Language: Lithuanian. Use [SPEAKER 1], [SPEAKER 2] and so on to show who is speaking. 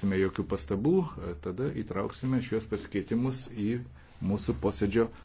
[SPEAKER 1] turėsime jokių pastabų, e, tada įtrauksime šios pasikeitimus į mūsų posėdžio